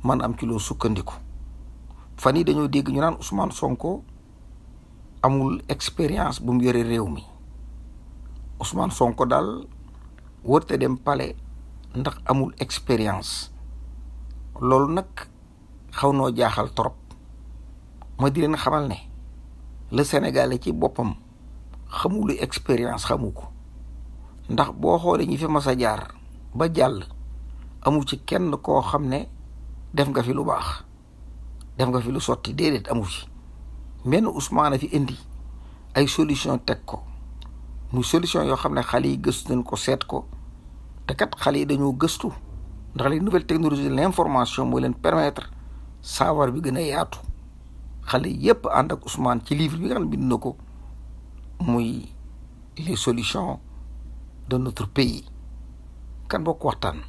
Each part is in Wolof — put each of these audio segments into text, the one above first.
man am ci lo sukkandiku fani dañu deg ñu nan Ousmane Sonko amul experience bu mu yore rew mi Ousmane Sonko dal wërte dem palais ndax amul experience, lol nak xawno jaaxal trop ma di len xamal ne le Sénégalais ci bopam xamul experience xamuko ndax bo xolé ñi fi massa jaar ba jall amu ci kenn ko xamne def nga fi lu baax def nga fi lu sotti déedéet amu fi benn Ousmane a fi indi ay solution teg ko muy solution yoo xam ne xale yi gëstu nañ ko seet ko te kat xale yi dañoo gëstu ndax les nouvelles technologies de l'information mooy leen permettre bi gën a yaatu xale yépp ànd ak Ousmane ci livre bi nga na ko muy les solutions de notre pays kan bokk waxtaan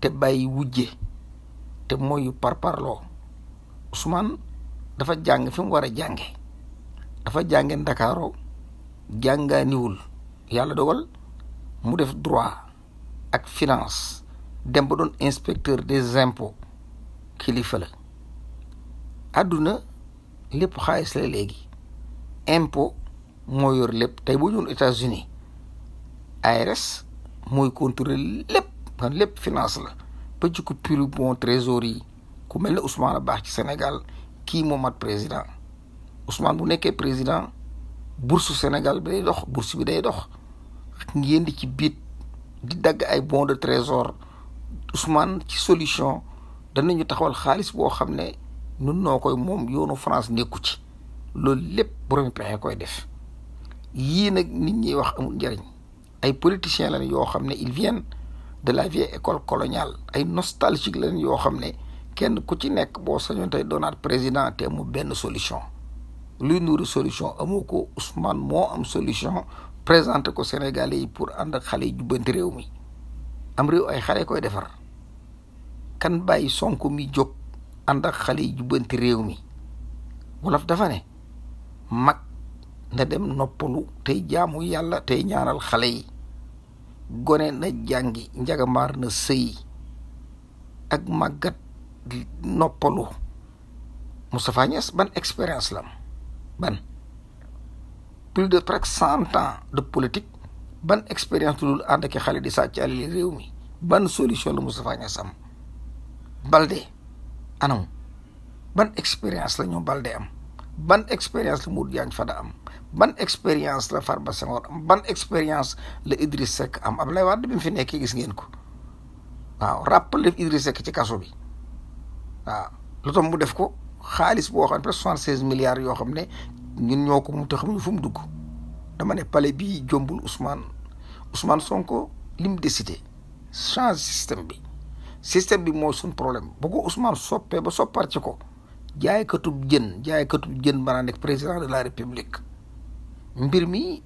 te bàyyi wujje te mooy par parloo Ousmane dafa jàng fi war a jànge dafa jànge Ndakaaro jàngaaniwul yàlla dogal mu def droit ak finance dem ba doon inspecteur des impôts kilifa la àdduna lépp xaalis la léegi impôt moo yor lépp tey boo ñëwoon États-Unis ARS mooy contrôler lépp lépp finance la ba ci bon trésor yi Ousmane Bah ci Sénégal kii moo mat président Ousmane bu nekkee président bourse Sénégal bi bourse bi day dox ak di bon de trésor Ousmane ci solution danañu taxawal xaalis boo xam ne nun noo koy moom France nekku ci loolu lépp borom koy def nit ñi wax amul ay politiciens viennent de la vieille école coloniale ay nostalgique lañ yoo xam ne kenn ku ci nekk boo sañoon tey doonaat président te mu benn solution luy nuuru solution amoo ko Ousmane moo am solution présenté ko Sénégalais yi pour ànd ak xale yi jubbanti réew mi am réew ay xale koy defar kan bàyyi Sonko mi jóg ànd ak xale yi jubbanti réew mi wolof dafa ne mag na dem noppalu tey jaamu yàlla tey ñaanal xale yi gone na jangi njagamar na sey ak magat noppalu mustafa Niass ban experience lam ban plus de près 100 ans de politique ban experience lu dul ke ak xale di sàcc alali ban solution mustafa Moustapha sam am Balde anam ban experience la ñu Balde am ban experience la Modou Diagne Fada am ban expérience la Farba Senghor am ban expérience la Idriss Seck am Abdoulaye Wade bi mu fi nekkee gis ngeen ko waaw rappel def Idriss ci kaso bi waaw lu tax mu def ko xaalis boo xam ne presque soixante yoo xam ne ñun ñoo ko mu fu mu dugg dama ne bii jombul Ousmane Ousmane Sonko li mu décidé change système bi système bi moo suñ problème bu ko Ousmane soppee ba soppar ci ko jaaykatub jën jaaykatub jën banaa nekk président de la république mbir mi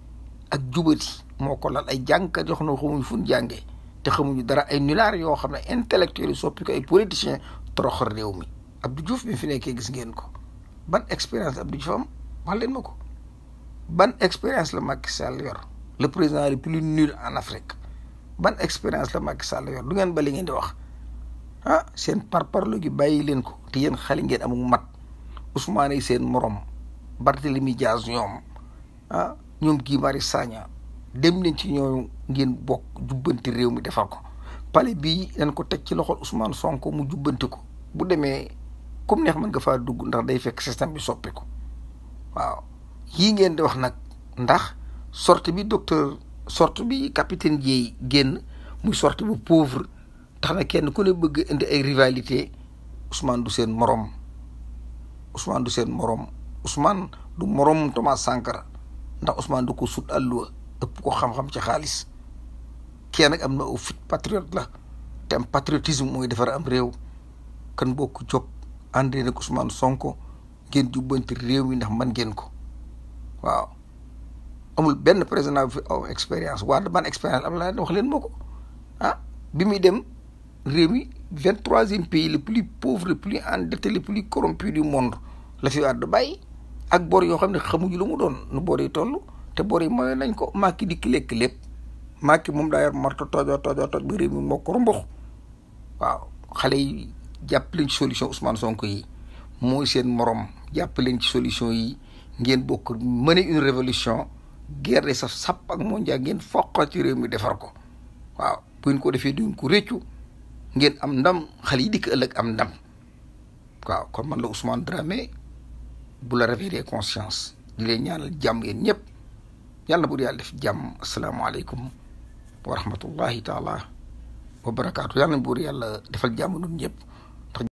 ak jubati moo ko lal ay jàngkat yoo xam ne xamuñ fu ñu jàngee te xamuñu dara ay nulaar yoo xam ne intellectuels yi soppi ko ay politiciens toroxal réew mi Abdou Diouf bi fi nekkee gis ngeen ko ban expérience Abdou Diouf am wax leen ma ko ban expérience la Macky Sall yor le président le plus nul en Afrique ban expérience la Macky Sall yor du ngeen ba li ngeen di wax ah seen parparlo gi bàyyi leen ko te yéen xale ngeen amul mat Ousmane seen morom Barthélemy Diaz ñoom ah ñoom Guy Marius dem nañ ci ñoo ngeen bok jubanti rew mi defal ko pale bi dañ ko tek ci loxol Ousmane Sonko mu jubanti ko bu demee kum neex man nga fa dugg ndax day fekk système bi soppi ko waaw yi ngeen di wax nak ndax sorte bi docteur sorte bi capitaine Dieye genn muy sorte bu pauvre tax na kenn ku ne bëgg indi ay rivalité Ousmane du sen morom Ousmane du sen morom Ousmane du morom Thomas Sankara ndax Ousmane du ko sut allu ep ko xam-xam ci xaliss ki nak amna na fit patriote la tem patriotisme moy defar am rew kan bokku jop jóg nak Ousmane Sonko ngeen jubbanti rew mi ndax man ngeen ko waaw amul ben president fi aw ban experience, am la wax len moko ah bi muy dem rew mi 23e pays le plus pauvre le plus endetté le plus corrompu du monde la fi wad du ak bor yo xamne xamuñu lu mu doon nu bor yi tollu te bor yi moy nañ ko maaki di ki lekk lépp maaki mum daa yor marto tojo tojo tooj bi réew mi moo ko waaw xalé yi japp liñ solution Ousmane Sonko yi moy seen morom japp liñ ci solution yi ngeen bokk mener une révolution guerre sa sap ak mondial ngeen foqa ci réew mi defar ko waaw buñ ko defé duñ ko reccu ngeen am ndam xalé yi dik ëlëk am ndam waaw kon man la Ousmane Dramé bu la réveillé conscience di leen ñaanal jàmm yéen ñëpp yàlla bu yàlla def jàmm asalaamaaleykum wa rahmatullahi taala wa barakaatu yàlla buur yàlla defal jàmm ñun ñëpp